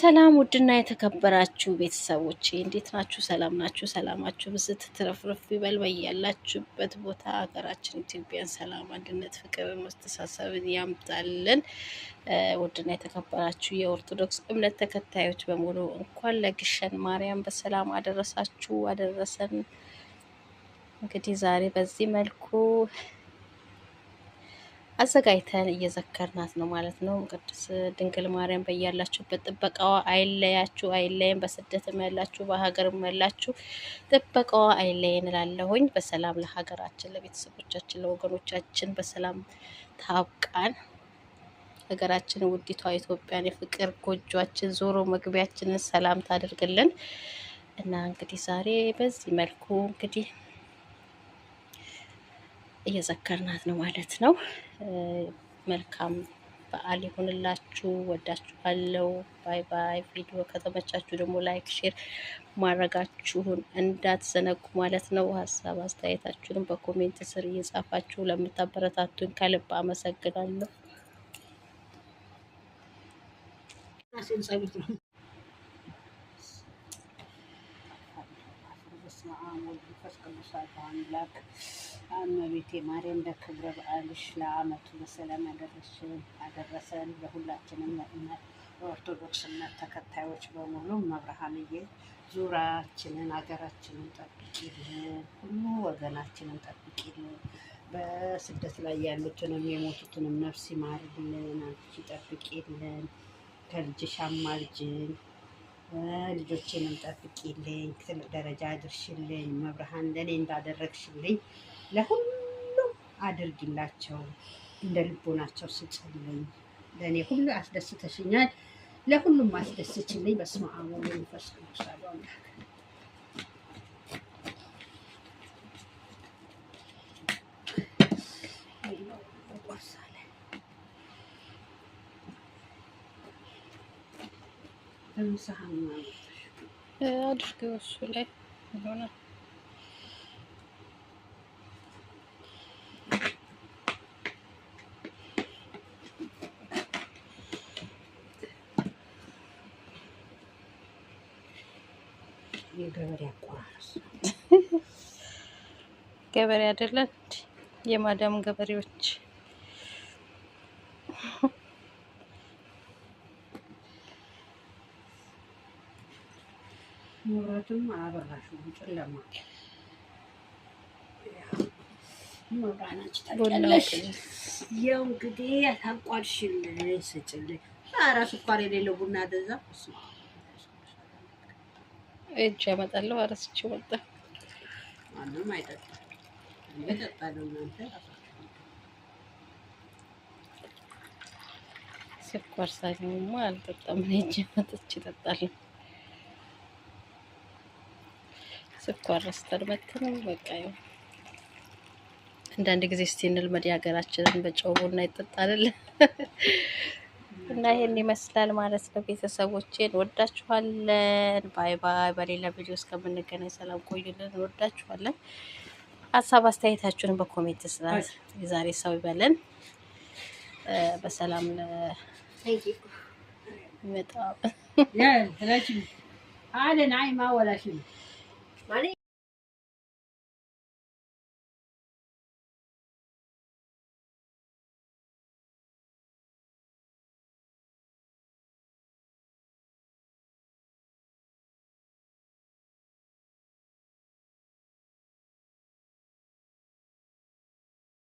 ሰላም ውድና የተከበራችሁ ቤተሰቦች እንዴት ናችሁ? ሰላም ናችሁ? ሰላማችሁ ብስት ትረፍረፍ ይበል በያላችሁበት ቦታ። ሀገራችን ኢትዮጵያን ሰላም፣ አንድነት፣ ፍቅርን፣ መስተሳሰብን ያምጣልን። ውድና የተከበራችሁ የኦርቶዶክስ እምነት ተከታዮች በሙሉ እንኳን ለግሸን ማርያም በሰላም አደረሳችሁ አደረሰን። እንግዲህ ዛሬ በዚህ መልኩ አዘጋጅተን እየዘከርናት ነው ማለት ነው። ቅድስት ድንግል ማርያም በያላችሁበት ጥበቃዋ አይለያችሁ አይለየን። በስደትም ያላችሁ በሀገርም ያላችሁ ጥበቃዋ አይለየን እላለሁኝ። በሰላም ለሀገራችን፣ ለቤተሰቦቻችን፣ ለወገኖቻችን በሰላም ታብቃን። ሀገራችን ውዲቷ ኢትዮጵያን የፍቅር ጎጆችን ዞሮ መግቢያችንን ሰላም ታደርግልን እና እንግዲህ ዛሬ በዚህ መልኩ እንግዲህ እየዘከርናት ነው ማለት ነው። መልካም በዓል ይሁንላችሁ። ወዳችኋለው። ባይ ባይ። ቪዲዮ ከተመቻችሁ ደግሞ ላይክ፣ ሼር ማድረጋችሁን እንዳትዘነጉ ማለት ነው። ሀሳብ አስተያየታችሁንም በኮሜንት ስር እየጻፋችሁ ለምታበረታቱን ከልብ አመሰግናለሁ። አብ ወልድ መንፈስ ቅዱስ አሐዱ አምላክ እመቤቴ ማርያም ለክብረ በዓልሽ ለዓመቱ በሰላም ያደረስሽን አደረሰን። ለሁላችንም ለእምነት ለኦርቶዶክስ እምነት ተከታዮች በሙሉ መብርሃንዬ ዙራችንን ሀገራችንን ጠብቂልን፣ ሁሉ ወገናችንን ጠብቂልን። በስደት ላይ ያሉትንም የሞቱትንም ነፍስ ይማርልን፣ አንቺ ጠብቂልን፣ ከልጅሽ አማልጅን ልጆቼንም ጠብቂልኝ፣ ትልቅ ደረጃ አድርሽልኝ፣ መብርሃን ለእኔ እንዳደረግሽልኝ ለሁሉም አድርጊላቸው፣ እንደ ልቦናቸው ስጭልኝ፣ ለእኔ ሁሉ አስደስተሽኛል፣ ለሁሉም አስደስችልኝ። በስመ አብ ወመንፈስ ቅዱስ አምላክ አድርገው እሱ ላይ ይሆናል። ገበሬ አይደለን የማዳም ገበሬዎች መብራትም አበራሽው ጨለማ መብራናች ታለሽ። ያው እንግዲህ ታቋድሽልኝ ስጭልኝ። ኧረ ስኳር የሌለው ቡና ደዛ እጅ ያመጣለሁ። አረስች ወጣ ማንም አይጠጣም። ይጠጣለሁ እናንተ ስኳር ሳይሆንማ አልጠጣም። እጅ ያመጣች ይጠጣለሁ ስኳር ረስተን በትነው በቃ ይኸው አንዳንድ ጊዜ እስቲ እንልመድ የሀገራችንን በጨው ቡና ይጠጣል እና ይሄን ይመስላል ማለት ነው። ቤተሰቦቼን እንወዳችኋለን። ባይ ባይ። በሌላ ቪዲዮ እስከምንገናኝ ሰላም ቆዩልን። እንወዳችኋለን። ሀሳብ አስተያየታችሁን በኮሜንት ስራ የዛሬ ሰው ይበለን። በሰላም ይመጣ አለን አይማ ወላሽ মানে